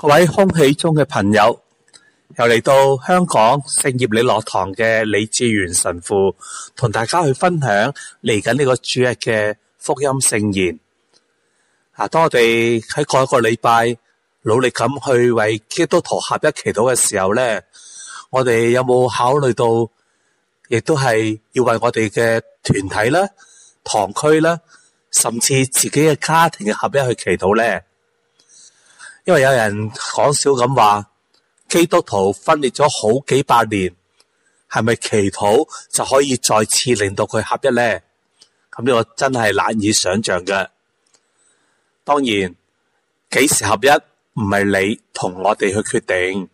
各位空氣中嘅朋友，又嚟到香港聖業理樂堂嘅李志源神父，同大家去分享嚟緊呢個主日嘅福音聖言。啊，當我哋喺過一個禮拜，努力咁去為基督徒合一祈禱嘅時候呢，我哋有冇考慮到，亦都係要為我哋嘅團體啦、堂區啦，甚至自己嘅家庭嘅合一去祈禱呢？因為有人講笑咁話，基督徒分裂咗好幾百年，係咪祈禱就可以再次令到佢合一呢？咁呢個真係難以想象嘅。當然，幾時合一唔係你同我哋去決定，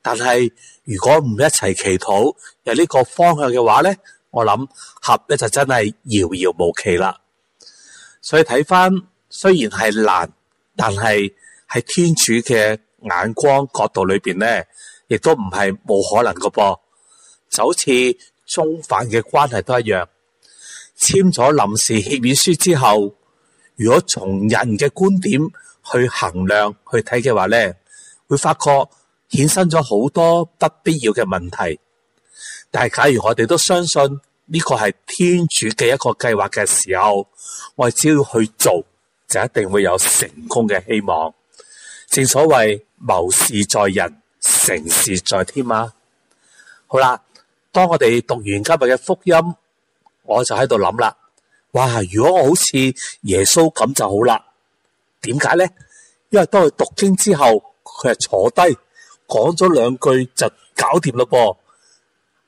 但係如果唔一齊祈禱有呢個方向嘅話呢，我諗合一就真係遙遙無期啦。所以睇翻，雖然係難，但係，喺天主嘅眼光角度裏邊咧，亦都唔係冇可能嘅噃。就好似中反嘅關係都一樣，簽咗臨時協議書之後，如果從人嘅觀點去衡量去睇嘅話咧，會發覺衍生咗好多不必要嘅問題。但係，假如我哋都相信呢個係天主嘅一個計劃嘅時候，我哋只要去做，就一定會有成功嘅希望。正所謂謀事在人，成事在天啊！好啦，當我哋讀完今日嘅福音，我就喺度諗啦。哇！如果我好似耶穌咁就好啦。點解咧？因為當佢讀經之後，佢係坐低講咗兩句就搞掂啦噃。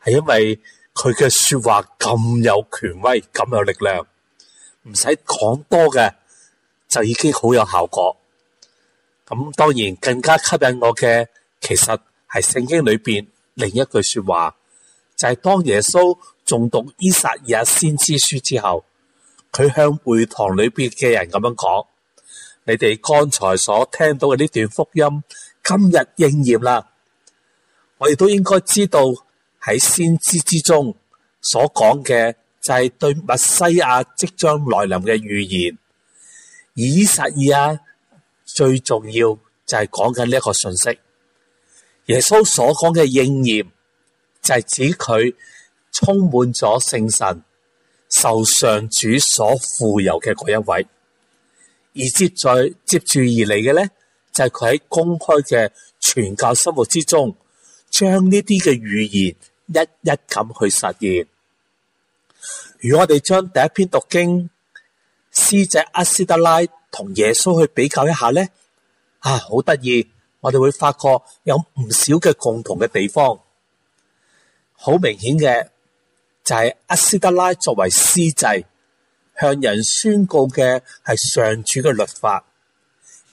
係因為佢嘅說話咁有權威，咁有力量，唔使講多嘅就已經好有效果。咁當然更加吸引我嘅，其實係聖經裏邊另一句說話，就係、是、當耶穌誦讀依撒意亞先知書之後，佢向會堂裏邊嘅人咁樣講：你哋剛才所聽到嘅呢段福音，今日應驗啦。我亦都應該知道喺先知之中所講嘅，就係對默西亞即將來臨嘅預言，而伊依撒意亞。最重要就係講緊呢一個信息，耶穌所講嘅應驗就係指佢充滿咗聖神，受上主所傅油嘅嗰一位，而接着而來的就是他在接住而嚟嘅咧就係佢喺公開嘅傳教生活之中，將呢啲嘅預言一一咁去實現。如果我哋將第一篇讀經，司祭阿斯德拉同耶穌去比較一下呢？啊，好得意。我哋會發覺有唔少嘅共同嘅地方。好明顯嘅就係、是、阿斯德拉作為司祭，向人宣告嘅係上主嘅律法，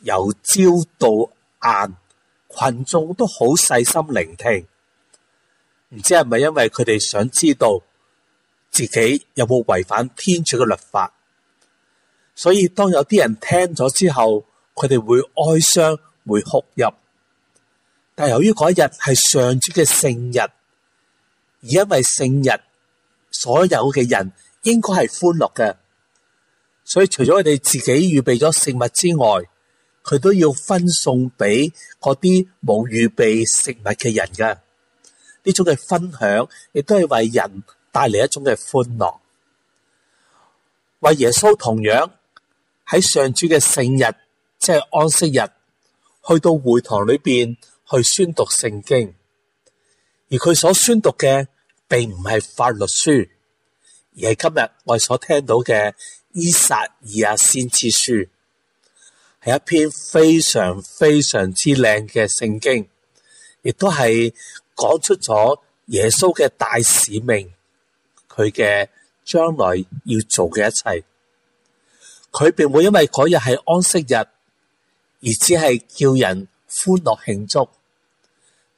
由朝到晏，群眾都好細心聆聽。唔知係咪因為佢哋想知道自己有冇違反天主嘅律法？所以當有啲人聽咗之後，佢哋會哀傷，會哭泣。但由於嗰一日係上主嘅聖日，而因為聖日，所有嘅人應該係歡樂嘅。所以除咗佢哋自己預備咗食物之外，佢都要分送俾嗰啲冇預備食物嘅人㗎。呢種嘅分享，亦都係為人帶嚟一種嘅歡樂。為耶穌同樣。喺上主嘅聖日，即係安息日，去到會堂裏邊去宣讀聖經，而佢所宣讀嘅並唔係法律書，而係今日我哋所聽到嘅《依撒意亞先知書》，係一篇非常非常之靚嘅聖經，亦都係講出咗耶穌嘅大使命，佢嘅將來要做嘅一切。佢並會因為嗰日係安息日而只係叫人歡樂慶祝，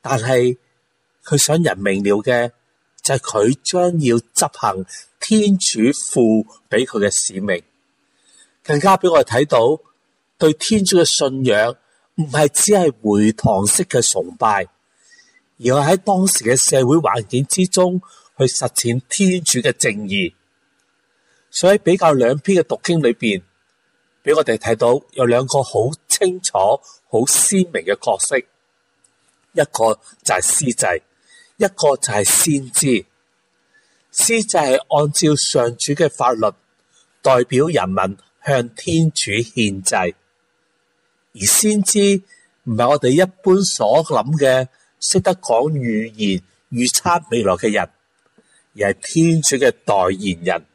但係佢想人明了嘅就係佢將要執行天主父俾佢嘅使命，更加俾我哋睇到對天主嘅信仰唔係只係回堂式嘅崇拜，而係喺當時嘅社會環境之中去實踐天主嘅正義。所以比較兩篇嘅讀經裏邊，俾我哋睇到有兩個好清楚、好鮮明嘅角色，一個就係司祭，一個就係先知。司祭係按照上主嘅法律，代表人民向天主獻祭；而先知唔係我哋一般所諗嘅識得講預言、預測未來嘅人，而係天主嘅代言人。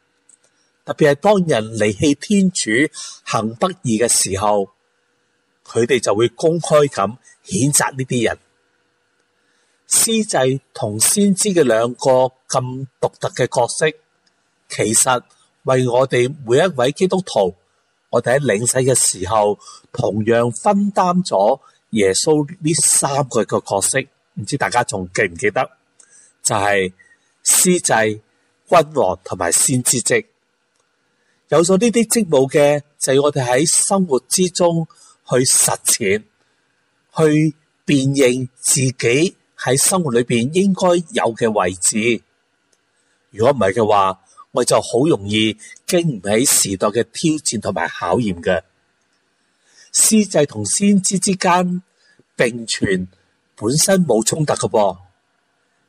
特別係當人離棄天主行不義嘅時候，佢哋就會公開咁譴責呢啲人。司祭同先知嘅兩個咁獨特嘅角色，其實為我哋每一位基督徒，我哋喺領洗嘅時候同樣分擔咗耶穌呢三個嘅角色。唔知道大家仲記唔記得？就係司祭、君王同埋先知職。有咗呢啲職務嘅，就係我哋喺生活之中去實踐，去辨認自己喺生活裏邊應該有嘅位置。如果唔係嘅話，我哋就好容易經唔起時代嘅挑戰同埋考驗嘅。司祭同先知之間並存，本身冇衝突㗎噃，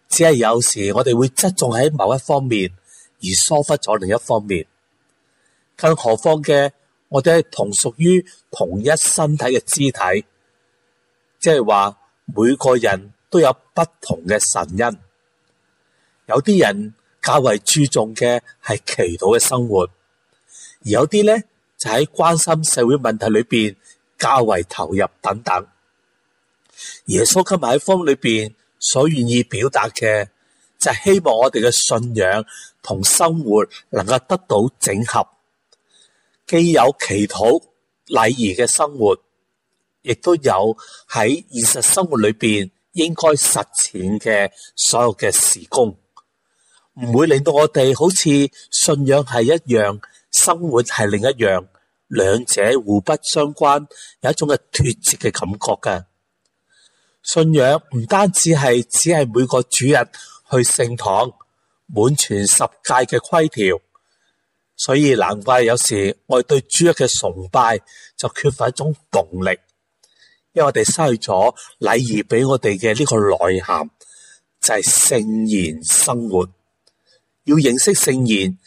只係有時我哋會側重喺某一方面，而疏忽咗另一方面。更何況嘅，我哋係同屬於同一身體嘅肢體，即係話每個人都有不同嘅神恩。有啲人較為注重嘅係祈禱嘅生活，而有啲呢就喺關心社會問題裏面較為投入等等。耶穌今日喺方裏面所願意表達嘅，就係、是、希望我哋嘅信仰同生活能夠得到整合。既有祈禱禮儀嘅生活，亦都有喺現實生活裏邊應該實踐嘅所有嘅事工，唔會令到我哋好似信仰係一樣，生活係另一樣，兩者互不相關，有一種嘅脱節嘅感覺嘅。信仰唔單止係只係每個主日去聖堂滿全十誡嘅規條。所以難怪有時我哋對主嘅崇拜就缺乏一種動力，因為我哋失去咗禮儀俾我哋嘅呢個內涵，就係聖言生活。要認識聖言，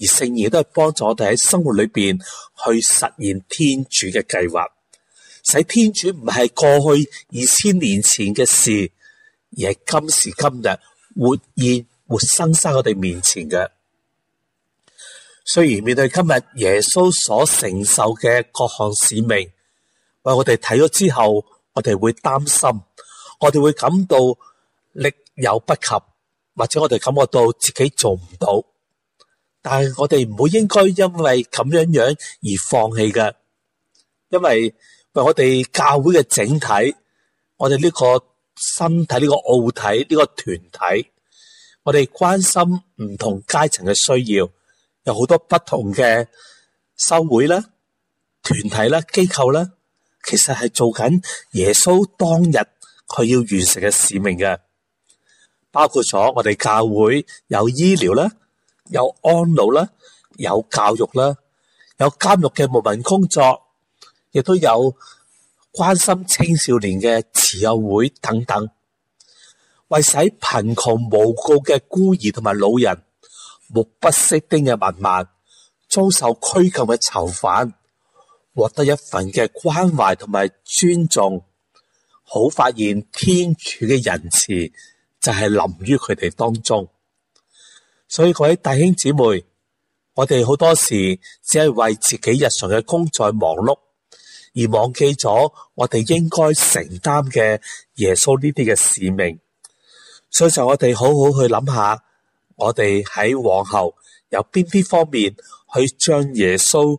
而聖言都係幫助我哋喺生活裏邊去實現天主嘅計劃，使天主唔係過去二千年前嘅事，而係今時今日活現活生生我哋面前嘅。雖然面對今日耶穌所承受嘅各項使命，我哋睇咗之後，我哋會擔心，我哋會感到力有不及，或者我哋感覺到自己做唔到。但係我哋唔會應該因為咁樣樣而放棄嘅，因為為我哋教會嘅整體，我哋呢個身體、呢個奧體、呢個團體，我哋關心唔同階層嘅需要。有好多不同嘅修會啦、團體啦、機構啦，其實係做緊耶穌當日佢要完成嘅使命嘅，包括咗我哋教會有醫療啦、有安老啦、有教育啦、有監獄嘅牧民工作，亦都有關心青少年嘅慈幼會等等，為使貧窮無告嘅孤兒同埋老人。目不識丁嘅文盲，遭受拘禁嘅囚犯，獲得一份嘅關懷同埋尊重，好發現天主嘅仁慈就係臨於佢哋當中。所以各位弟兄姊妹，我哋好多時只係為自己日常嘅工作忙碌，而忘記咗我哋應該承擔嘅耶穌呢啲嘅使命。所以就我哋好好去諗下。我哋喺往後有邊啲方面去將耶穌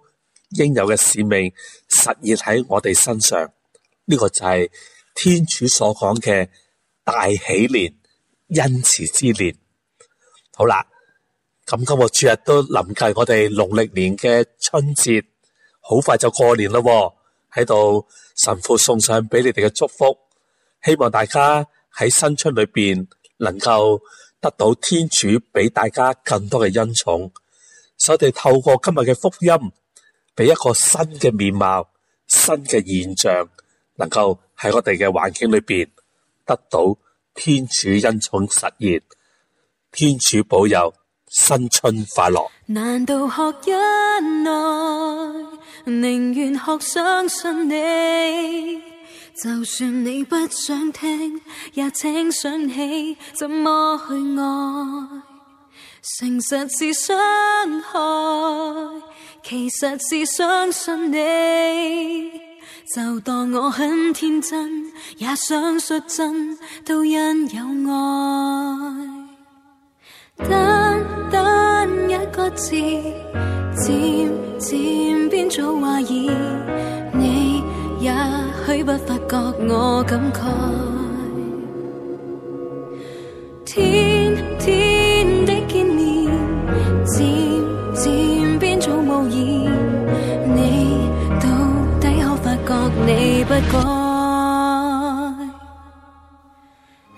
應有嘅使命實現喺我哋身上？呢個就係天主所講嘅大喜年、恩慈之年。好啦，咁今日主日都臨近我哋農曆年嘅春節，好快就過年咯。喺度神父送上俾你哋嘅祝福，希望大家喺新春裏邊能夠。得到天主俾大家更多嘅恩寵，使我哋透過今日嘅福音，俾一個新嘅面貌、新嘅現象，能夠喺我哋嘅環境裏邊得到天主恩寵實現。天主保佑，新春快樂！難道學恩愛，寧願學相信你？就算你不想聽，也請想起怎麼去愛。誠實是傷害，其實是相信你。就當我很天真，也想率真，都因有愛。單單一個字，漸漸變做懷疑。你也。不發覺我感慨，天天的見面，漸漸變做無言。你到底可發覺你不該？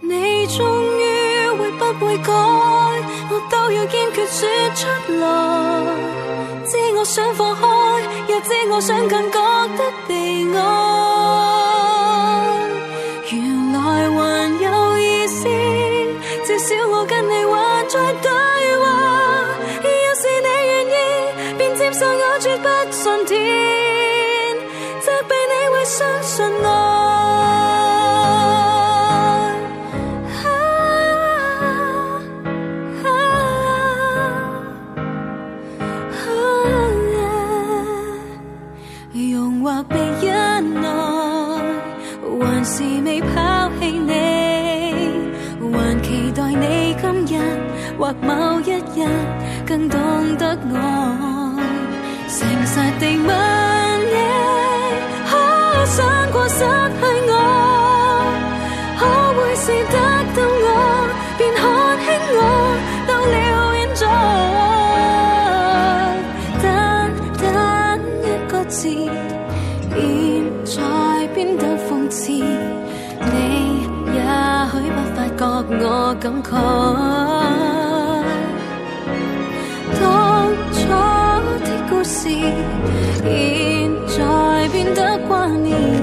你終於會不會改？我都要堅決說出來。想放開，也知我想更覺得被愛。原來還有意思，至少我跟你還在。我，誠實地問你，可想過失去我？可會是得到我便看輕我都？到了現在，單單一個字，現在變得諷刺。你也許不發覺我感覺。現在變得掛念。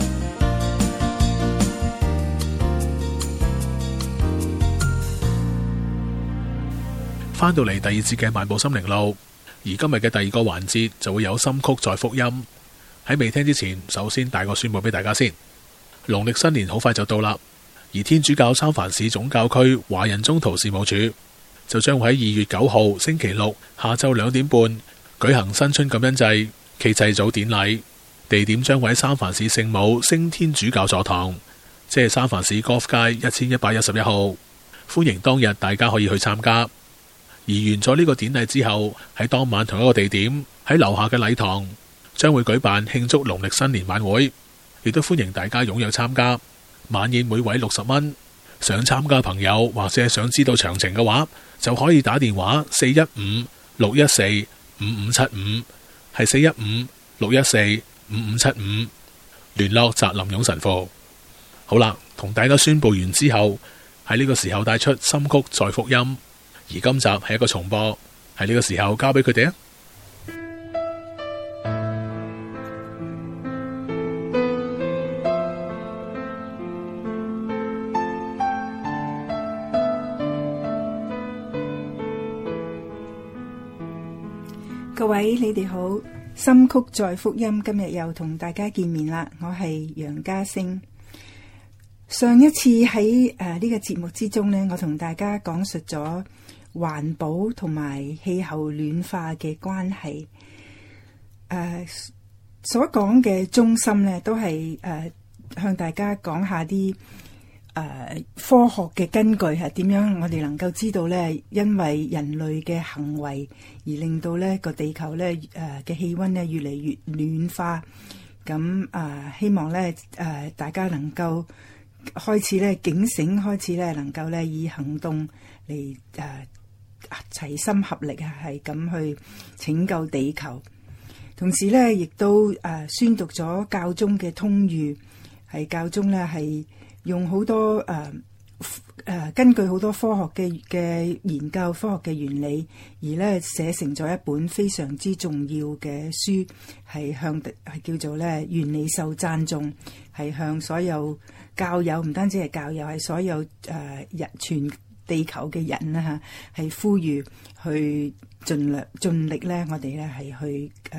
翻到嚟第二節嘅漫步心靈路，而今日嘅第二個環節就會有心曲再復音。喺未聽之前，首先帶個宣布俾大家先。農曆新年好快就到啦，而天主教三藩市總教區華人中途事務處就將會喺二月九號星期六下晝兩點半舉行新春感恩祭暨祭祖典禮，地點將會喺三藩市聖母升天主教座堂，即係三藩市 Gough 街一千一百一十一號。歡迎當日大家可以去參加。而完咗呢個典禮之後，喺當晚同一個地點喺樓下嘅禮堂將會舉辦慶祝農曆新年晚會，亦都歡迎大家踴躍參加。晚宴每位六十蚊，想參加朋友或者想知道詳情嘅話，就可以打電話四一五六一四五五七五，係四一五六一四五五七五聯絡澤林勇神父。好啦，同大家宣布完之後，喺呢個時候帶出《心曲》再復音。而今集係一個重播，喺呢個時候交俾佢哋啊！各位，你哋好，心曲在福音，今日又同大家見面啦。我係楊家聲。上一次喺誒呢個節目之中呢，我同大家講述咗。環保同埋氣候暖化嘅關係，誒所講嘅中心咧，都係誒向大家講下啲誒科學嘅根據係點樣，我哋能夠知道咧，因為人類嘅行為而令到咧個地球咧誒嘅氣溫咧越嚟越暖化，咁啊希望咧誒大家能夠開始咧警醒，開始咧能夠咧以行動嚟誒。齊心合力啊，係咁去拯救地球。同時咧，亦都誒宣讀咗教宗嘅通諭，係教宗咧係用好多誒誒，根據好多科學嘅嘅研究，科學嘅原理，而咧寫成咗一本非常之重要嘅書，係向係叫做咧願祢受讚頌，係向所有教友，唔單止係教友，係所有誒日傳。地球嘅人啦吓，係呼籲去盡量盡力咧，我哋咧係去誒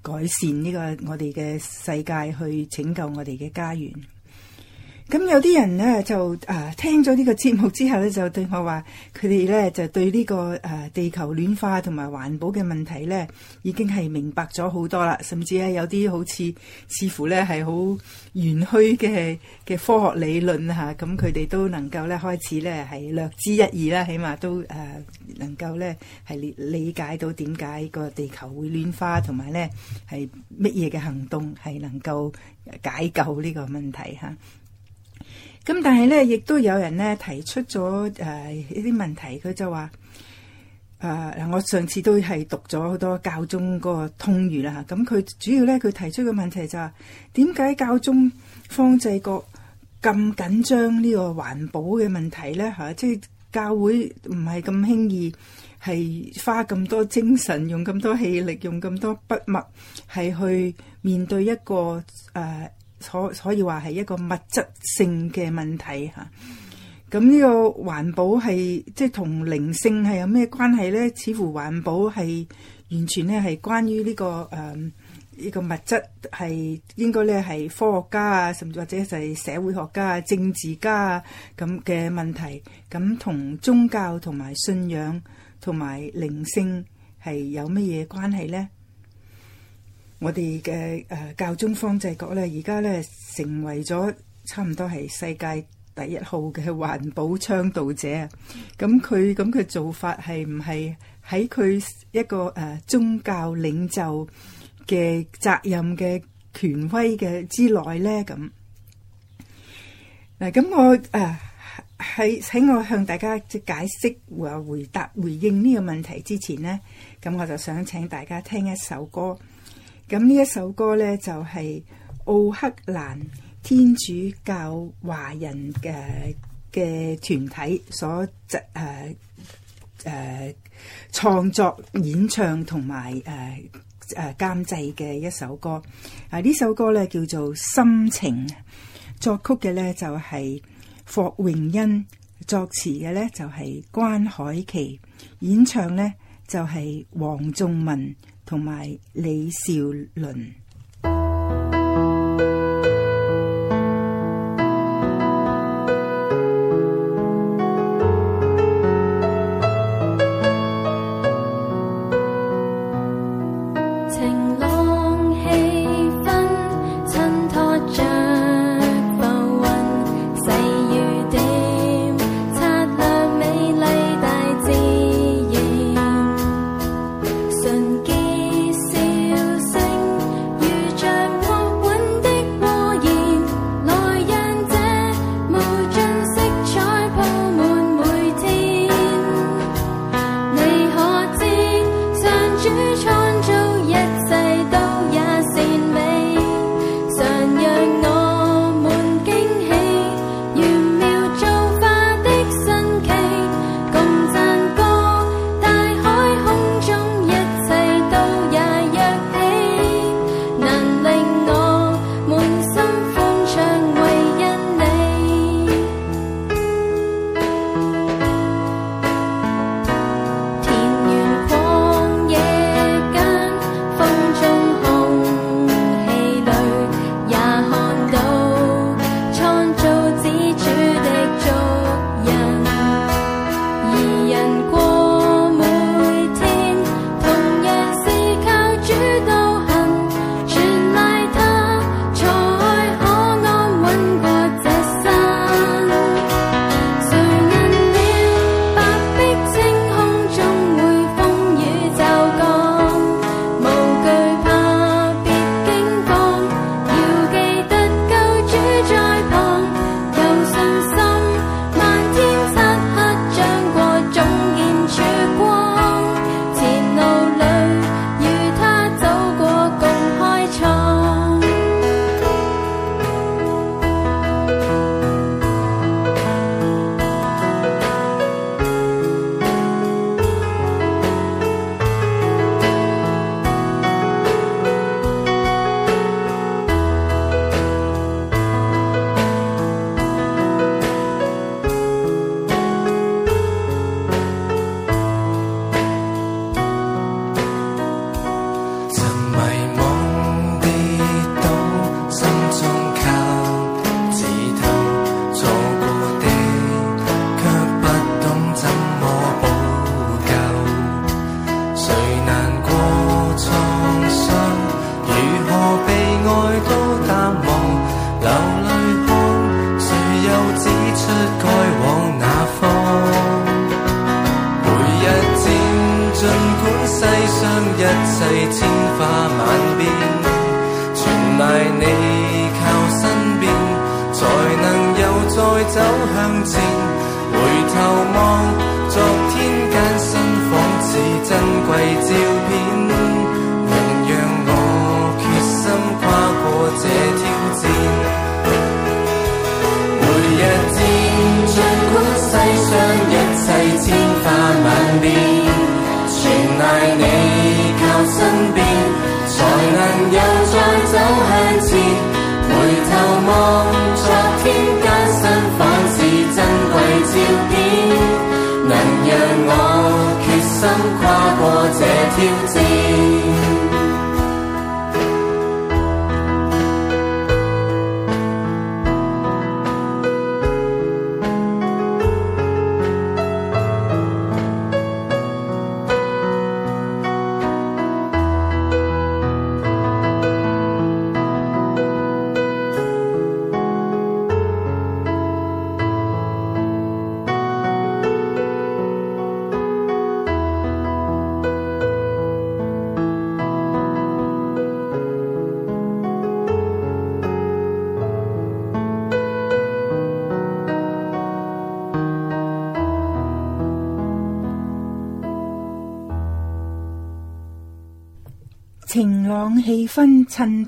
改善呢個我哋嘅世界，去拯救我哋嘅家園。咁有啲人咧就啊聽咗呢個節目之後咧，就對我話佢哋咧就對呢、這個誒、啊、地球暖化同埋環保嘅問題咧，已經係明白咗好多啦。甚至咧有啲好似似乎咧係好玄虛嘅嘅科學理論吓，咁佢哋都能夠咧開始咧係略知一二啦，起碼都誒、啊、能夠咧係理理解到點解個地球會暖化，同埋咧係乜嘢嘅行動係能夠解救呢個問題吓。啊咁但係咧，亦都有人咧提出咗誒一啲問題，佢就話：誒、呃，我上次都係讀咗好多教宗個通諭啦嚇。咁佢主要咧，佢提出嘅問題就係點解教宗方濟各咁緊張呢個環保嘅問題咧嚇？即係教會唔係咁輕易係花咁多精神、用咁多氣力、用咁多筆墨係去面對一個誒。呃可可以話係一個物質性嘅問題吓，咁呢個環保係即係同靈性係有咩關係咧？似乎環保係完全咧係關於呢個誒呢個物質係應該咧係科學家啊，甚至或者就係社會學家、政治家咁嘅問題，咁同宗教同埋信仰同埋靈性係有乜嘢關係咧？我哋嘅誒教宗方濟各咧，而家咧成為咗差唔多係世界第一號嘅環保倡導者。咁佢咁嘅做法係唔係喺佢一個誒宗教領袖嘅責任嘅權威嘅之內咧？咁嗱，咁我誒喺請我向大家即係解釋或回答回應呢個問題之前咧，咁我就想請大家聽一首歌。咁呢一首歌咧，就係、是、奧克蘭天主教華人嘅嘅團體所製誒誒創作、演唱同埋誒誒監製嘅一首歌。啊、呃，呢首歌咧叫做《心情》，作曲嘅咧就係、是、霍榮恩，作詞嘅咧就係、是、關海琪，演唱咧就係黃仲文。同埋李兆麟。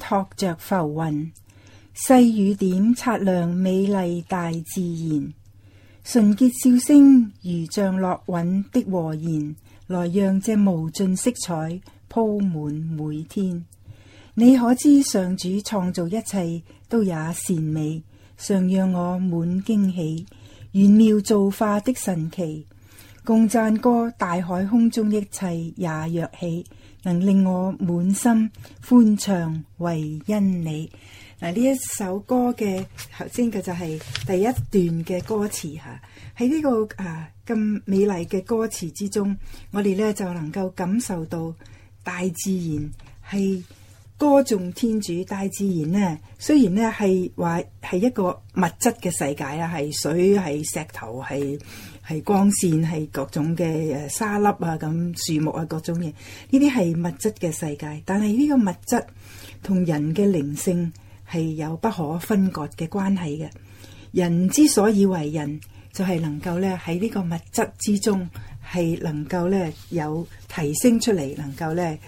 托着浮雲，細雨點擦亮美麗大自然，純潔笑聲如像樂韻的和弦，來讓這無盡色彩鋪滿每天。你可知上主創造一切都也善美，常讓我滿驚喜，玄妙造化的神奇，共讚歌大海空中一切也躍起。能令我滿心歡唱為因你。嗱呢一首歌嘅，頭先嘅就係第一段嘅歌詞吓，喺呢個啊咁美麗嘅歌詞之中，我哋咧就能夠感受到大自然係歌頌天主，大自然呢，雖然呢係話係一個物質嘅世界啊，係水，係石頭，係。係光線，係各種嘅沙粒啊，咁樹木啊，各種嘢，呢啲係物質嘅世界。但係呢個物質同人嘅靈性係有不可分割嘅關係嘅。人之所以為人，就係能夠咧喺呢個物質之中，係能夠咧有提升出嚟，能夠咧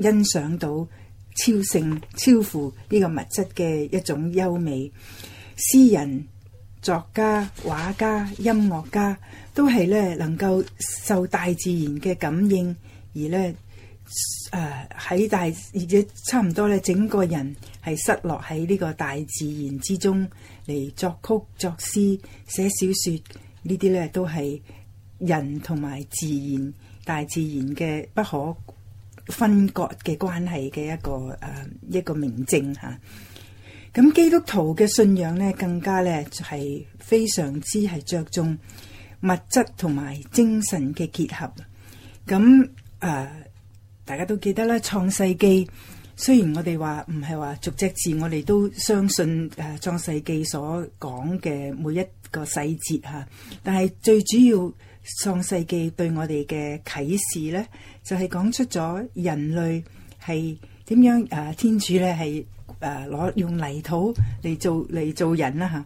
欣賞到超性、超乎呢個物質嘅一種優美。詩人、作家、畫家、音樂家都係咧能夠受大自然嘅感應，而咧誒喺大而且差唔多咧整個人係失落喺呢個大自然之中嚟作曲、作詩、寫小説，呢啲咧，都係人同埋自然、大自然嘅不可分割嘅關係嘅一個誒一個明證嚇。咁基督徒嘅信仰咧，更加咧就係非常之係着重物質同埋精神嘅結合。咁誒、啊，大家都記得啦，《創世紀》雖然我哋話唔係話逐隻字，我哋都相信誒《創、啊、世紀》所講嘅每一個細節吓，但係最主要《創世紀》對我哋嘅啟示咧，就係、是、講出咗人類係點樣誒、啊，天主咧係。誒攞用泥土嚟做嚟做人啦嚇，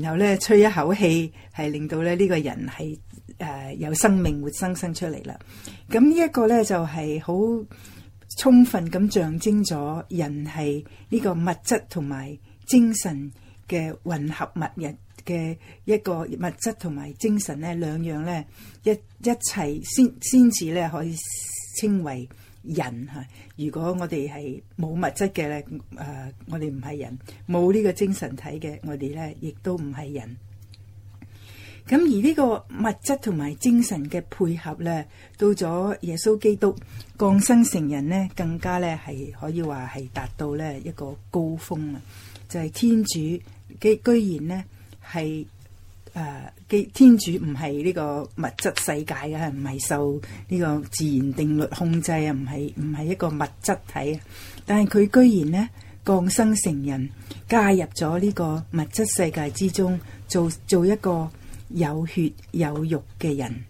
然後咧吹一口氣，係令到咧呢、呢個人係誒、呃、有生命活生生出嚟啦。咁呢一個咧就係、是、好充分咁象徵咗人係呢個物質同埋精神嘅混合物。人嘅一個物質同埋精神咧兩樣咧一一齊先先至咧可以稱為人嚇，如果我哋係冇物質嘅咧，誒、呃，我哋唔係人，冇呢個精神體嘅，我哋咧亦都唔係人。咁而呢個物質同埋精神嘅配合咧，到咗耶穌基督降生成人咧，更加咧係可以話係達到咧一個高峰啊！就係、是、天主佢居然呢係誒。天主唔係呢個物質世界嘅，唔係受呢個自然定律控制啊，唔係唔係一個物質體啊。但係佢居然呢降生成人，加入咗呢個物質世界之中，做做一個有血有肉嘅人。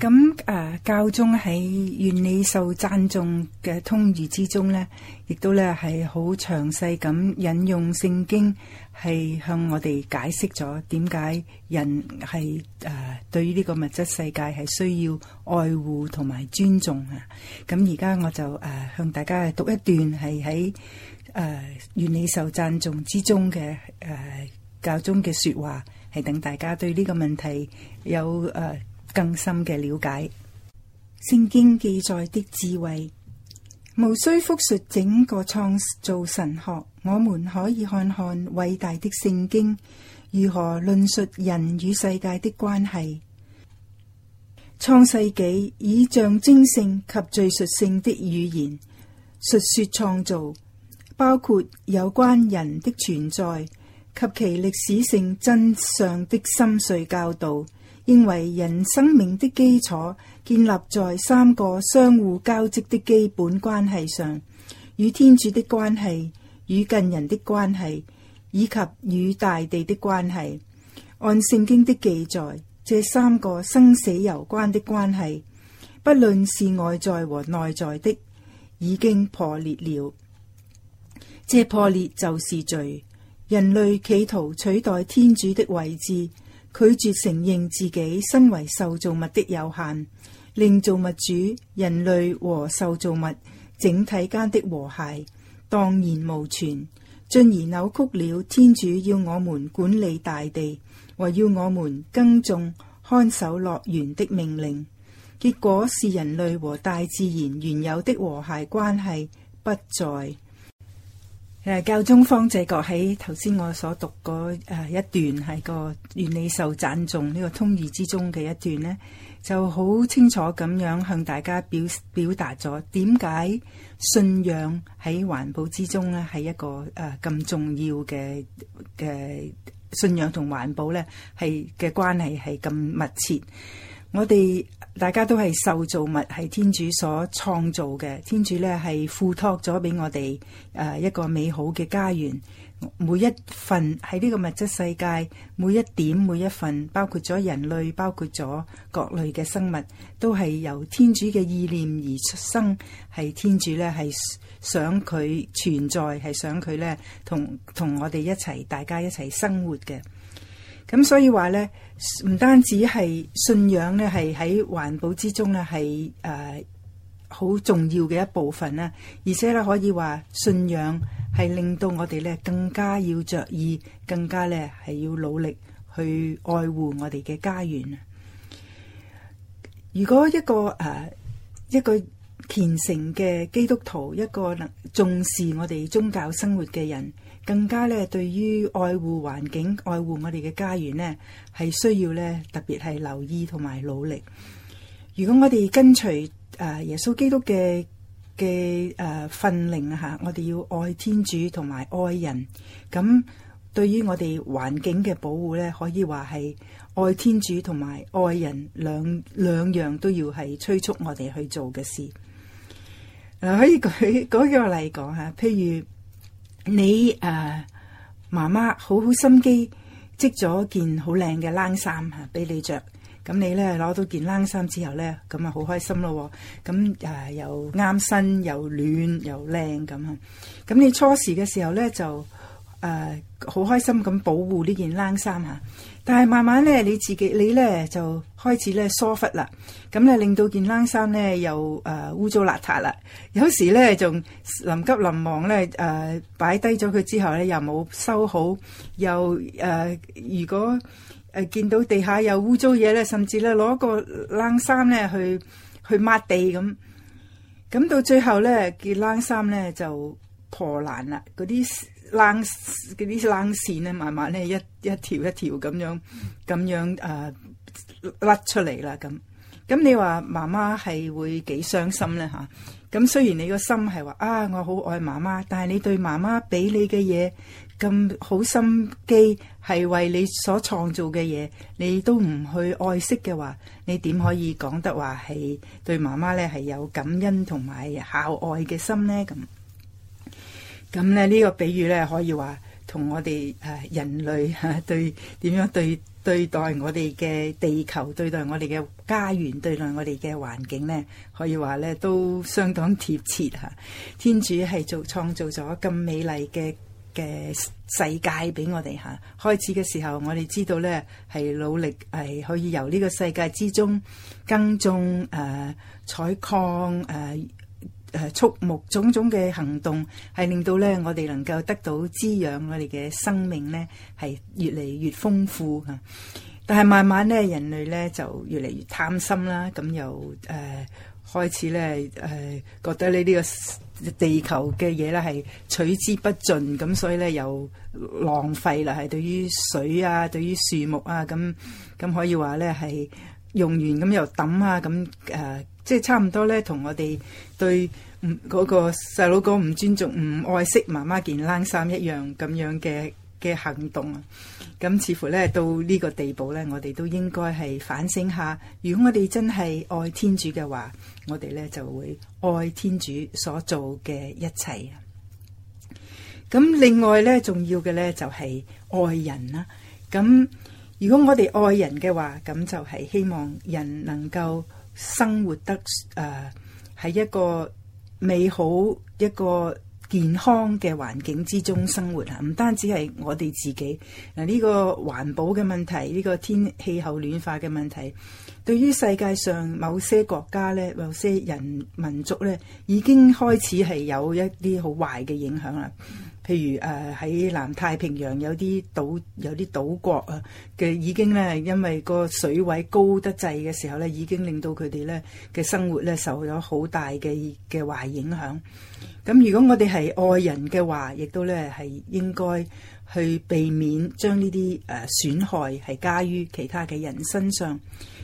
咁、啊、誒，教宗喺願你受讚頌嘅通諭之中呢，亦都咧係好詳細咁引用聖經。係向我哋解釋咗點解人係誒對於呢個物質世界係需要愛護同埋尊重啊！咁而家我就誒向大家讀一段係喺誒願你受讚頌之中嘅誒教宗嘅說話，係等大家對呢個問題有誒更深嘅了解。聖經記載的智慧。無需複述整個創造神學，我們可以看看偉大的聖經如何論述人與世界的關係。創世紀以象徵性及敘述性的語言述說創造，包括有關人的存在及其歷史性真相的深邃教導。認為人生命的基礎建立在三個相互交織的基本關係上：與天主的關係、與近人的關係以及與大地的關係。按聖經的記載，這三個生死攸關的關係，不論是外在和內在的，已經破裂了。這破裂就是罪，人類企圖取代天主的位置。拒絕承認自己身為受造物的有限，令造物主、人類和受造物整體間的和諧蕩然無存，進而扭曲了天主要我們管理大地和要我們耕種看守樂園的命令。結果是人類和大自然原有的和諧關係不再。誒，教宗方濟各喺頭先我所讀嗰誒一段係個願你受讚頌呢個通諭之中嘅一段咧，就好清楚咁樣向大家表表達咗點解信仰喺環保之中咧係一個誒咁重要嘅，誒信仰同環保咧係嘅關係係咁密切，我哋。大家都係受造物，係天主所創造嘅。天主咧係付托咗俾我哋誒、呃、一個美好嘅家園。每一份喺呢個物質世界，每一點每一份，包括咗人類，包括咗各類嘅生物，都係由天主嘅意念而出生。係天主咧係想佢存在，係想佢咧同同我哋一齊，大家一齊生活嘅。咁所以話咧。唔單止係信仰咧，係喺環保之中咧，係誒好重要嘅一部分啦。而且咧可以話信仰係令到我哋咧更加要着意，更加咧係要努力去愛護我哋嘅家園啊！如果一個誒一個虔誠嘅基督徒，一個能重視我哋宗教生活嘅人。更加咧，對於愛護環境、愛護我哋嘅家園呢，係需要呢，特別係留意同埋努力。如果我哋跟隨誒、呃、耶穌基督嘅嘅誒訓令吓，我哋要愛天主同埋愛人。咁對於我哋環境嘅保護呢，可以話係愛天主同埋愛人兩兩樣都要係催促我哋去做嘅事。嗱，可以舉舉個例講吓，譬如。你誒、啊、媽媽好好心機織咗件好靚嘅冷衫嚇俾你着。咁你咧攞到件冷衫之後咧，咁啊好開心咯喎！咁誒、啊、又啱身又暖又靚咁，咁你初時嘅時候咧就誒好、啊、開心咁保護呢件冷衫嚇。但係慢慢咧，你自己你咧就開始咧疏忽啦，咁咧令到件冷衫咧又誒污糟邋遢啦。有時咧仲臨急臨忙咧誒擺低咗佢之後咧又冇收好，又誒、呃、如果誒、呃、見到地下有污糟嘢咧，甚至咧攞個冷衫咧去去抹地咁，咁到最後咧件冷衫咧就破爛啦，嗰啲。掹嗰啲冷線咧，慢慢咧一一條一條咁樣咁樣誒甩、啊、出嚟啦，咁咁你話媽媽係會幾傷心咧吓？咁雖然你個心係話啊，我好愛媽媽，但係你對媽媽俾你嘅嘢咁好心機，係為你所創造嘅嘢，你都唔去愛惜嘅話，你點可以講得話係對媽媽咧係有感恩同埋孝愛嘅心咧咁？咁咧呢、呢個比喻咧可以話同我哋誒、呃、人類、啊、對點樣對對待我哋嘅地球、對待我哋嘅家園、對待我哋嘅環境咧，可以話咧都相當貼切嚇、啊。天主係做創造咗咁美麗嘅嘅世界俾我哋嚇、啊。開始嘅時候，我哋知道咧係努力係可以由呢個世界之中耕種誒採礦誒。呃誒、呃，畜牧種種嘅行動係令到咧，我哋能夠得到滋養，我哋嘅生命咧係越嚟越豐富。啊、但係慢慢咧，人類咧就越嚟越貪心啦，咁、啊、又誒、呃、開始咧誒、啊、覺得呢呢個地球嘅嘢咧係取之不盡，咁所以咧又浪費啦，係對於水啊，對於樹木啊，咁咁可以話咧係用完咁又抌啊，咁誒。即係差唔多咧，同我哋對嗰個細佬哥唔尊重、唔愛惜媽媽件冷衫一樣咁樣嘅嘅行動啊！咁似乎咧到呢個地步咧，我哋都應該係反省下。如果我哋真係愛天主嘅話，我哋咧就會愛天主所做嘅一切啊！咁另外咧重要嘅咧就係愛人啦。咁如果我哋愛人嘅話，咁就係希望人能夠。生活得誒喺、呃、一個美好，一個健康嘅環境之中生活啊！唔單止係我哋自己嗱，呢、呢個環保嘅問題，呢、呢個天氣候暖化嘅問題，對於世界上某些國家呢，某些人民族呢，已經開始係有一啲好壞嘅影響啦。譬如誒喺南太平洋有啲島有啲島國啊嘅已經咧，因為個水位高得滯嘅時候咧，已經令到佢哋咧嘅生活咧受咗好大嘅嘅壞影響。咁如果我哋係愛人嘅話，亦都咧係應該去避免將呢啲誒損害係加於其他嘅人身上。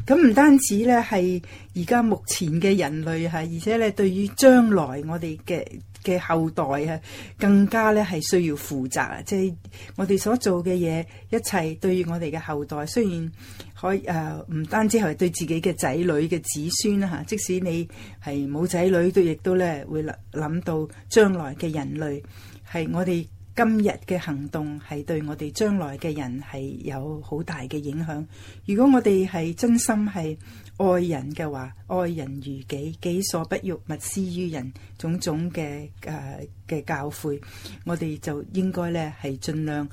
咁唔單止咧，係而家目前嘅人類嚇，而且咧對於將來我哋嘅嘅後代啊，更加咧係需要負責啊！即係我哋所做嘅嘢，一切對於我哋嘅後代，雖然可誒唔單止係對自己嘅仔女嘅子孫嚇，即使你係冇仔女，都亦都咧會諗諗到將來嘅人類係我哋。今日嘅行動係對我哋將來嘅人係有好大嘅影響。如果我哋係真心係愛人嘅話，愛人如己，己所不欲，勿施於人，種種嘅誒嘅教誨，我哋就應該咧係盡量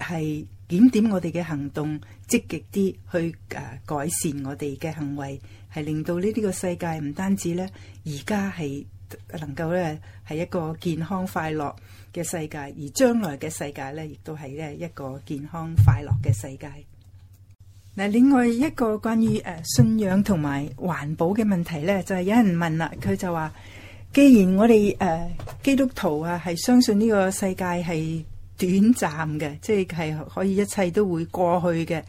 係檢點，點我哋嘅行動，積極啲去誒改善我哋嘅行為，係令到呢呢個世界唔單止咧而家係。能夠咧係一個健康快樂嘅世界，而將來嘅世界咧亦都係咧一個健康快樂嘅世界。嗱，另外一個關於誒信仰同埋環保嘅問題咧，就係、是、有人問啦，佢就話：既然我哋誒基督徒啊係相信呢個世界係短暫嘅，即、就、係、是、可以一切都會過去嘅，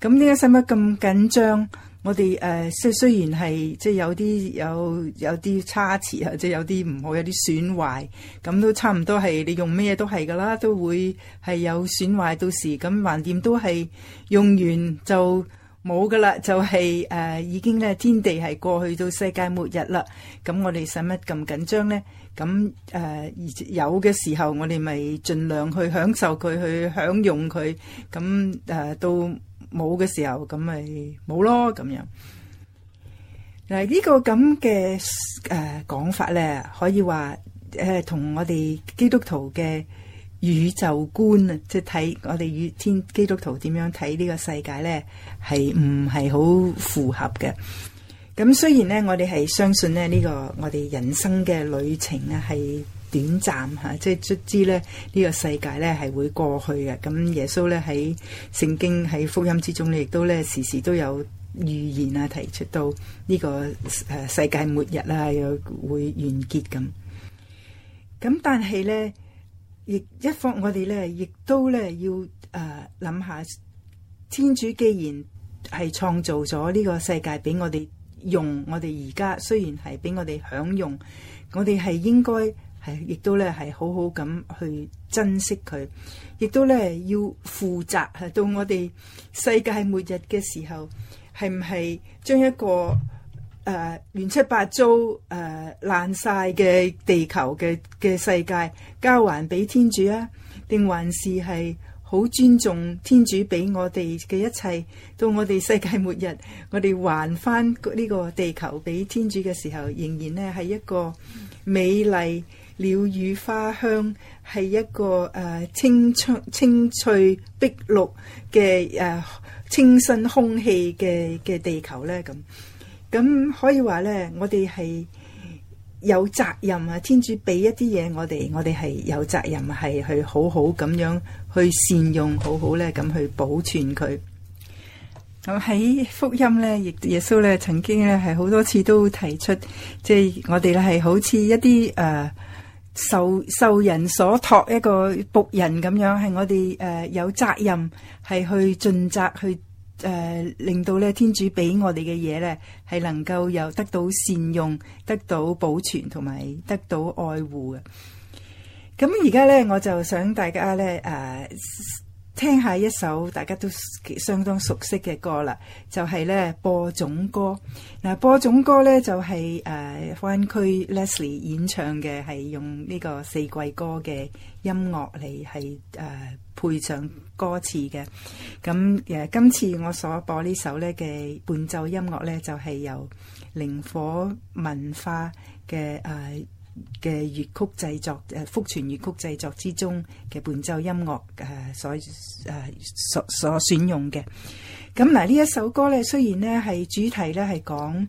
咁點解使乜咁緊張？我哋誒、呃、雖雖然係即係有啲有有啲差池啊，即係有啲唔好，有啲損壞，咁都差唔多係你用咩都係噶啦，都會係有損壞。到時咁橫掂都係用完就冇噶啦，就係、是、誒、呃、已經咧天地係過去到世界末日啦。咁我哋使乜咁緊張咧？咁誒、呃、有嘅時候，我哋咪盡量去享受佢，去享用佢。咁、呃、到。冇嘅時候咁咪冇咯，咁樣嗱、呢個呃、呢個咁嘅誒講法咧，可以話誒同我哋基督徒嘅宇宙觀啊，即係睇我哋與天基督徒點樣睇呢個世界咧，係唔係好符合嘅？咁雖然咧，我哋係相信咧呢、呢個我哋人生嘅旅程啊，係。短暫嚇，即係卒之咧呢個世界咧係會過去嘅。咁耶穌咧喺聖經喺福音之中咧，亦都咧時時都有預言啊，提出到呢個誒世界末日啊，又會完結咁。咁但係咧，亦一方我哋咧，亦都咧要誒諗下，天主既然係創造咗呢個世界俾我哋用，我哋而家雖然係俾我哋享用，我哋係應該。係，亦都咧係好好咁去珍惜佢，亦都咧要負責。到我哋世界末日嘅時候，係唔係將一個誒亂七八糟誒爛曬嘅地球嘅嘅世界交還俾天主啊？定還是係好尊重天主俾我哋嘅一切？到我哋世界末日，我哋還翻呢個地球俾天主嘅時候，仍然呢，係一個美麗。鳥語花香係一個誒、啊、清清翠碧綠嘅誒、啊、清新空氣嘅嘅地球咧，咁咁可以話咧，我哋係有責任啊！天主俾一啲嘢我哋，我哋係有責任係去好好咁樣去善用，好好咧咁去保存佢。咁喺福音咧，亦耶穌咧曾經咧係好多次都提出，即係我哋咧係好似一啲誒。呃受受人所託，一個僕人咁樣，係我哋誒、呃、有責任，係去盡責去誒、呃，令到咧天主俾我哋嘅嘢咧，係能夠有得到善用，得到保存同埋得到愛護嘅。咁而家咧，我就想大家咧誒。呃聽下一首大家都相當熟悉嘅歌啦，就係、是、咧播種歌。嗱，播種歌咧就係誒灣區 Leslie 演唱嘅，係用呢個四季歌嘅音樂嚟、呃、配上歌詞嘅。咁、呃、今次我所播呢首咧嘅伴奏音樂咧，就係由靈火文化嘅嘅粵曲製作誒，福傳粵曲製作之中嘅伴奏音樂誒、啊，所誒、啊、所所選用嘅。咁嗱呢一首歌咧，雖然呢係主題咧係講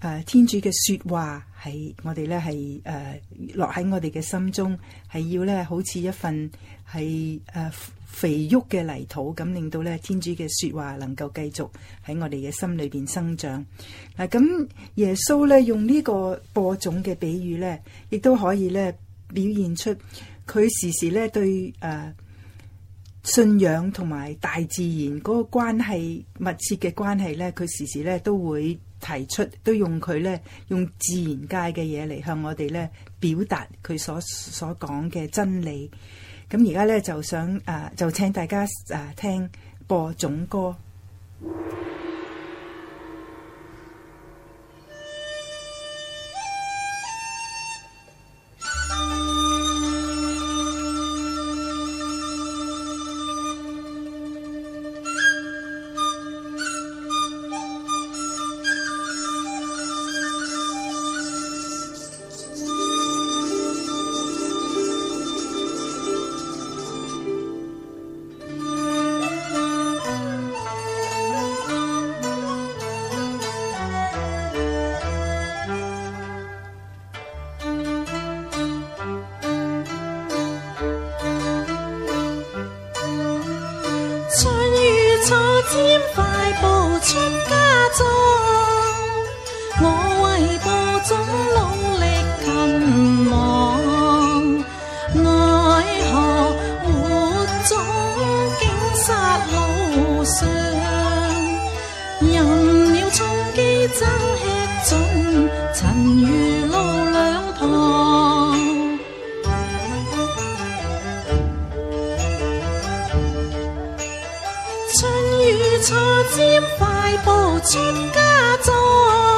誒天主嘅說話，係我哋咧係誒落喺我哋嘅心中，係要咧好似一份係誒。啊肥沃嘅泥土，咁令到咧天主嘅說話能夠繼續喺我哋嘅心裏面生長。嗱，咁耶穌咧用呢個播種嘅比喻咧，亦都可以咧表現出佢時時咧對誒、啊、信仰同埋大自然嗰個關係密切嘅關係咧，佢時時咧都會提出，都用佢咧用自然界嘅嘢，嚟向我哋咧表達佢所所講嘅真理。咁而家呢，就想誒、呃，就請大家誒、呃、聽播種歌。真吃盡，塵雨路兩旁，春雨初沾，快步出家莊。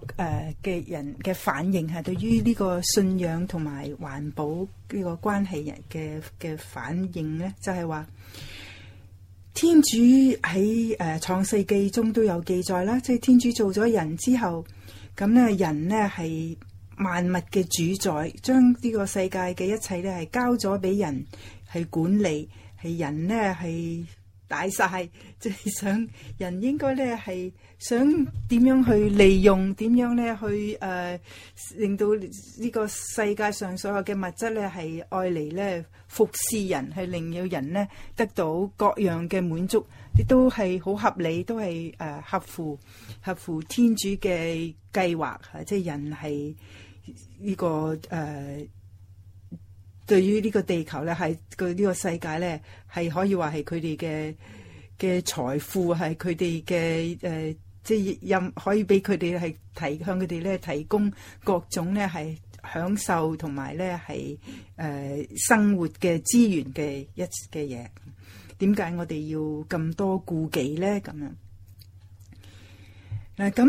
誒、呃、嘅人嘅反應係對於呢個信仰同埋環保呢個關係人嘅嘅反應咧，就係、是、話天主喺誒創世記中都有記載啦，即、就、係、是、天主做咗人之後，咁咧人呢係萬物嘅主宰，將呢個世界嘅一切咧係交咗俾人係管理，係人呢係。大晒，即係想人應該咧係想點樣去利用，點樣咧去誒令到呢個世界上所有嘅物質咧係愛嚟咧服侍人，係令到人咧得到各樣嘅滿足，亦都係好合理，都係誒合乎合乎天主嘅計劃嚇，即係人係呢個誒。對於呢個地球咧，係佢呢個世界咧，係可以話係佢哋嘅嘅財富，係佢哋嘅誒，即、呃、係、就是、任可以俾佢哋係提向佢哋咧提供各種咧係享受同埋咧係誒生活嘅資源嘅一嘅嘢。點解我哋要咁多顧忌咧？咁樣嗱，咁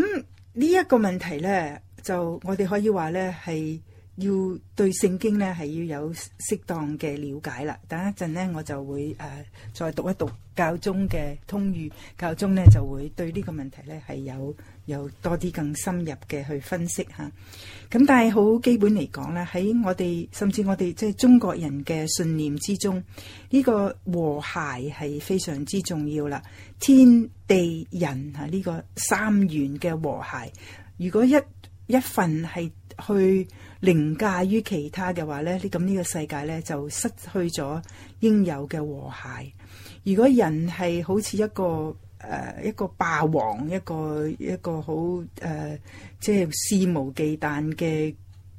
呢一個問題咧，就我哋可以話咧係。要對聖經呢係要有適當嘅了解啦。等一陣呢，我就會誒、啊、再讀一讀教宗嘅通諭，教宗呢，就會對呢個問題呢，係有有多啲更深入嘅去分析吓。咁但係好基本嚟講呢，喺我哋甚至我哋即係中國人嘅信念之中，呢、呢個和諧係非常之重要啦。天地人呢、啊呢個三元嘅和諧，如果一一份係去。凌駕於其他嘅話咧，呢咁呢個世界咧就失去咗應有嘅和諧。如果人係好似一個誒、呃、一個霸王，一個一個好誒即係肆無忌憚嘅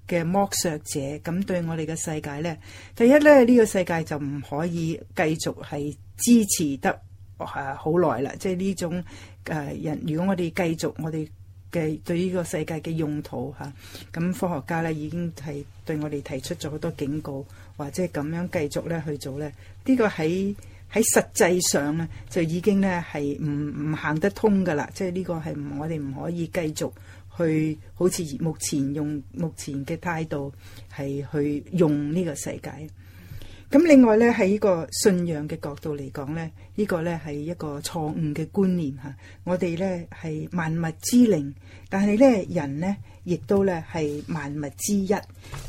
嘅剝削者，咁對我哋嘅世界咧，第一咧呢、呢個世界就唔可以繼續係支持得誒好耐啦。即係呢種誒、呃、人，如果我哋繼續我哋嘅對呢個世界嘅用途嚇，咁科學家咧已經係對我哋提出咗好多警告，或者咁樣繼續咧去做咧，呢個喺喺實際上咧就已經咧係唔唔行得通噶啦，即係呢個係我哋唔可以繼續去好似目前用目前嘅態度係去用呢個世界。咁另外咧喺呢個信仰嘅角度嚟講咧，呢個咧係一個錯誤嘅觀念嚇。我哋咧係萬物之靈，但係咧人咧亦都咧係萬物之一。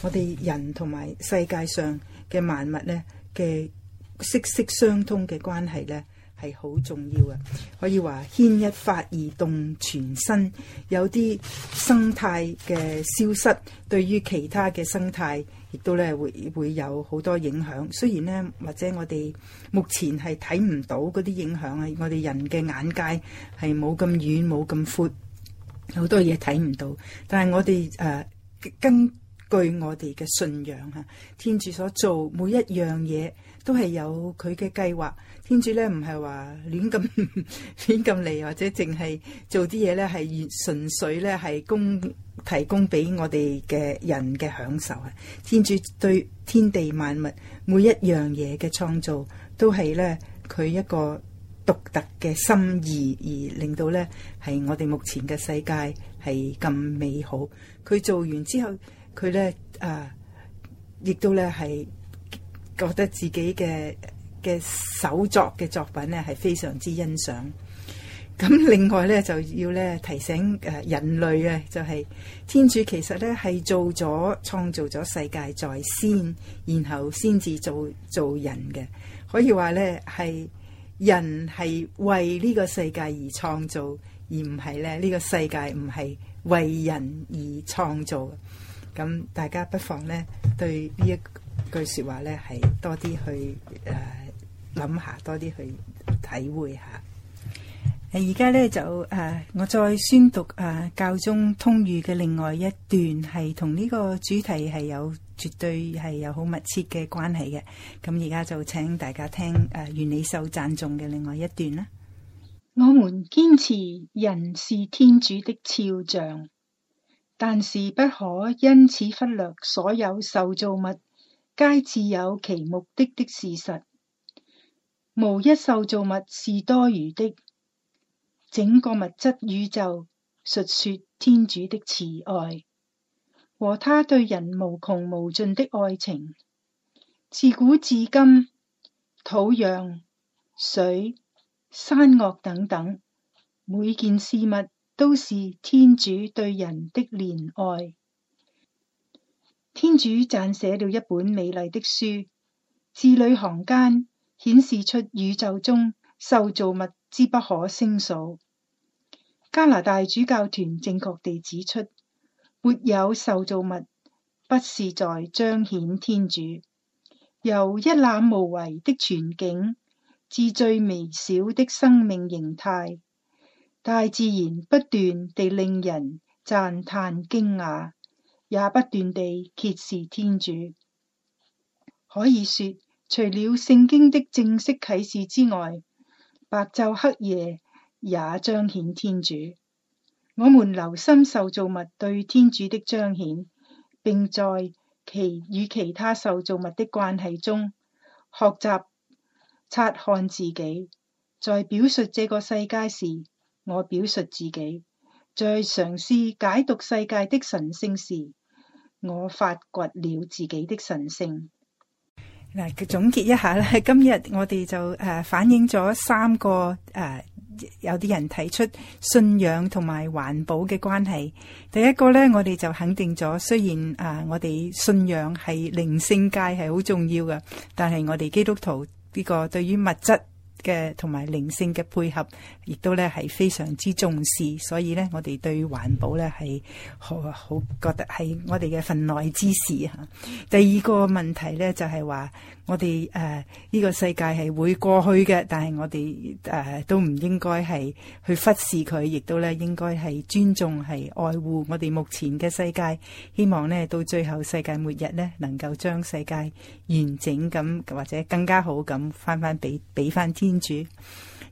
我哋人同埋世界上嘅萬物咧嘅息息相通嘅關係咧係好重要啊！可以話牽一發而動全身。有啲生態嘅消失，對於其他嘅生態，亦都咧會會有好多影響，雖然咧或者我哋目前係睇唔到嗰啲影響啊，我哋人嘅眼界係冇咁遠、冇咁闊，好多嘢睇唔到。但係我哋誒、啊、根據我哋嘅信仰啊，天主所做每一樣嘢都係有佢嘅計劃。天主咧唔係話亂咁亂咁嚟，或者淨係做啲嘢咧係純粹咧係供提供俾我哋嘅人嘅享受啊！天主對天地萬物每一樣嘢嘅創造，都係咧佢一個獨特嘅心意，而令到咧係我哋目前嘅世界係咁美好。佢做完之後，佢咧啊，亦都咧係覺得自己嘅。嘅手作嘅作品咧，係非常之欣賞。咁另外咧，就要咧提醒，誒、呃，人類啊，就係、是、天主其實咧係做咗創造咗世界在先，然後先至做做人嘅。可以話咧，係人係為呢個世界而創造，而唔係咧呢、這個世界唔係為人而創造。咁大家不妨咧對呢一句說話咧，係多啲去誒。呃諗下多啲去體會下。而家呢，就誒、啊，我再宣讀誒、啊、教宗通諭嘅另外一段，係同呢個主題係有絕對係有好密切嘅關係嘅。咁而家就請大家聽誒、啊，願祢受讚頌嘅另外一段啦。我們堅持人是天主的肖像，但是不可因此忽略所有受造物皆自有其目的的事實。無一受造物是多餘的，整個物質宇宙述說天主的慈愛和他對人無窮無盡的愛情。自古至今，土壤、水、山嶽等等，每件事物都是天主對人的憐愛。天主撰寫了一本美麗的書，字裏行間。顯示出宇宙中受造物之不可勝數。加拿大主教團正確地指出，沒有受造物不是在彰顯天主。由一覽無遺的全景至最微小的生命形態，大自然不斷地令人讚嘆驚訝，也不斷地揭示天主。可以說。除了聖經的正式啟示之外，白晝黑夜也彰顯天主。我們留心受造物對天主的彰顯，並在其與其他受造物的關係中學習察看自己。在表述這個世界時，我表述自己；在嘗試解讀世界的神聖時，我發掘了自己的神聖。嗱，總結一下啦，今日我哋就誒、啊、反映咗三個誒、啊，有啲人提出信仰同埋環保嘅關係。第一個咧，我哋就肯定咗，雖然啊，我哋信仰係靈性界係好重要㗎，但係我哋基督徒呢個對於物質。嘅同埋靈性嘅配合，亦都咧係非常之重視。所以咧我哋對環保咧係好好覺得係我哋嘅份內之事。吓，第二個問題咧就係話。我哋誒呢個世界係會過去嘅，但係我哋誒、呃、都唔應該係去忽視佢，亦都咧應該係尊重、係愛護我哋目前嘅世界。希望咧到最後世界末日咧，能夠將世界完整咁或者更加好咁翻翻俾俾翻天主。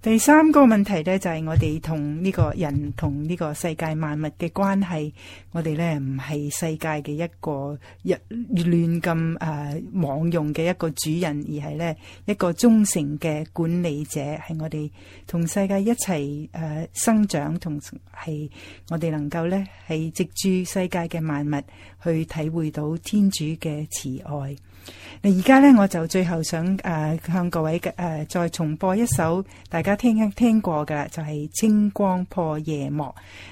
第三個問題咧，就係、是、我哋同呢個人同呢個世界萬物嘅關係，我哋咧唔係世界嘅一個一亂咁誒妄用嘅一個主人，而係咧一個忠誠嘅管理者，係我哋同世界一齊誒、啊、生長，同係我哋能夠咧係藉住世界嘅萬物，去體會到天主嘅慈愛。而家呢，我就最後想誒、呃、向各位嘅、呃、再重播一首大家聽聽過嘅，就係、是《清光破夜幕》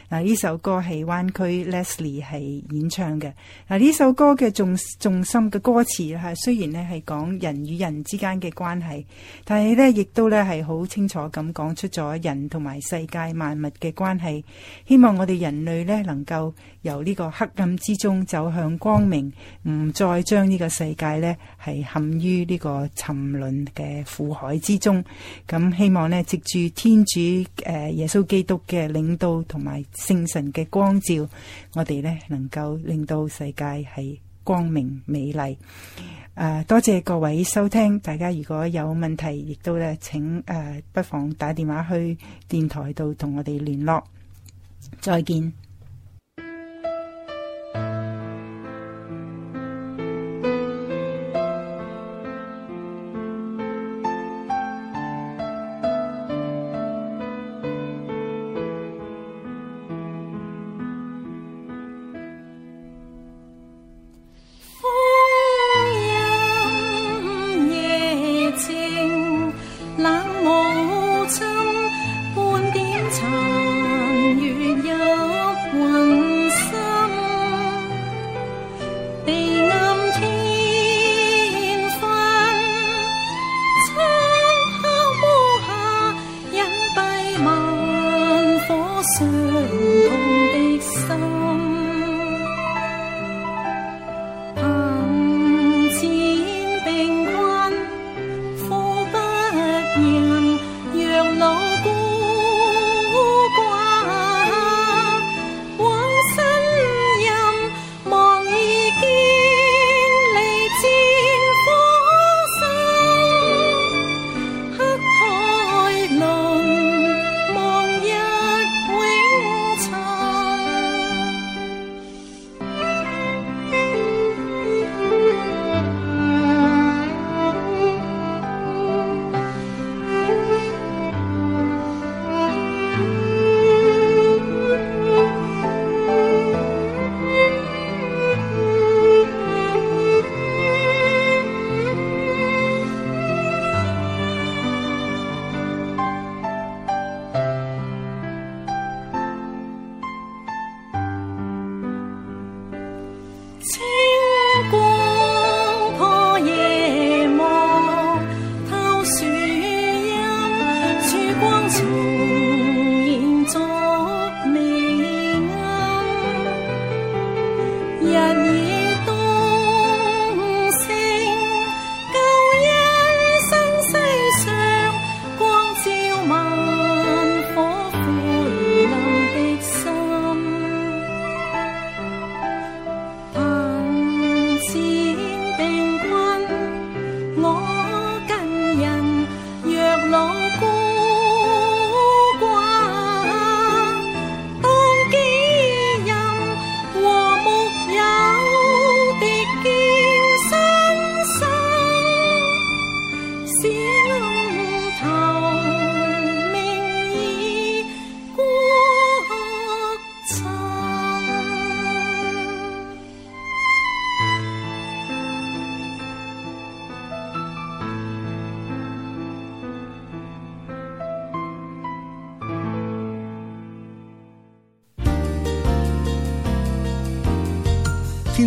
嗱。呢、呃、首歌係灣區 Leslie 係演唱嘅。嗱、呃，呢首歌嘅重重心嘅歌詞嚇，雖然呢係講人與人之間嘅關係，但係呢亦都呢係好清楚咁講出咗人同埋世界萬物嘅關係。希望我哋人類呢，能夠由呢個黑暗之中走向光明，唔再將呢個世界呢，係陷於呢個沉淪嘅苦海之中，咁希望呢，藉住天主誒、呃、耶穌基督嘅領導同埋聖神嘅光照，我哋呢能夠令到世界係光明美麗。誒、呃，多謝各位收聽，大家如果有問題，亦都咧請誒、呃、不妨打電話去電台度同我哋聯絡。再見。